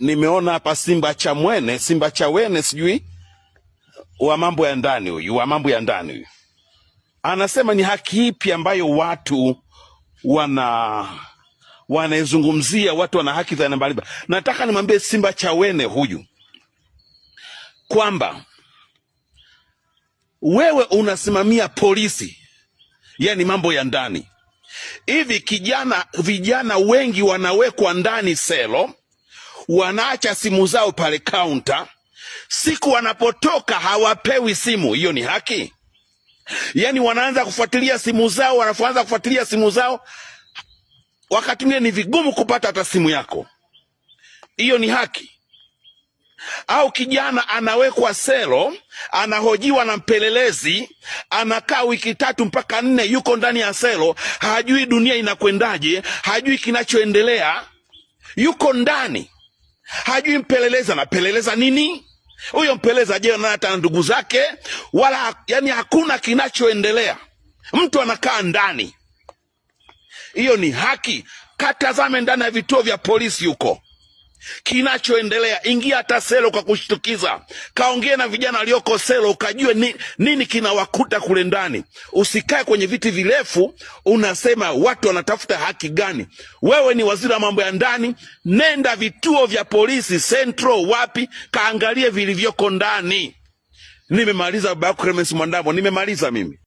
nimeona hapa Simba cha mwene Simba cha wene sijui wa mambo ya ndani huyu, wa mambo ya ndani huyu anasema ni haki ipi ambayo watu wana wanaizungumzia, watu wana haki za aina mbalimbali. Nataka nimwambie Simba cha wene huyu kwamba wewe unasimamia polisi, yani mambo ya ndani hivi. Kijana, vijana wengi wanawekwa ndani selo wanaacha simu zao pale kaunta, siku wanapotoka hawapewi simu. Hiyo ni haki? Yaani wanaanza kufuatilia simu zao, wanaanza kufuatilia simu zao, wakati mwingine ni vigumu kupata hata simu yako. Hiyo ni haki? Au kijana anawekwa selo, anahojiwa na mpelelezi, anakaa wiki tatu mpaka nne, yuko ndani ya selo, hajui dunia inakwendaje, hajui kinachoendelea, yuko ndani hajui mpeleleza anapeleleza nini huyo mpeleleza je hata ndugu zake wala yani hakuna kinachoendelea mtu anakaa ndani hiyo ni haki katazame ndani ya vituo vya polisi huko kinachoendelea. Ingia hata selo kwa kushtukiza, kaongea na vijana walioko selo, ukajue ni, nini kinawakuta kule ndani. Usikae kwenye viti virefu unasema watu wanatafuta haki gani. Wewe ni waziri wa mambo ya ndani, nenda vituo vya polisi Central, wapi, kaangalie vilivyoko ndani. Nimemaliza baba Clemence Mwandambo, nimemaliza mimi.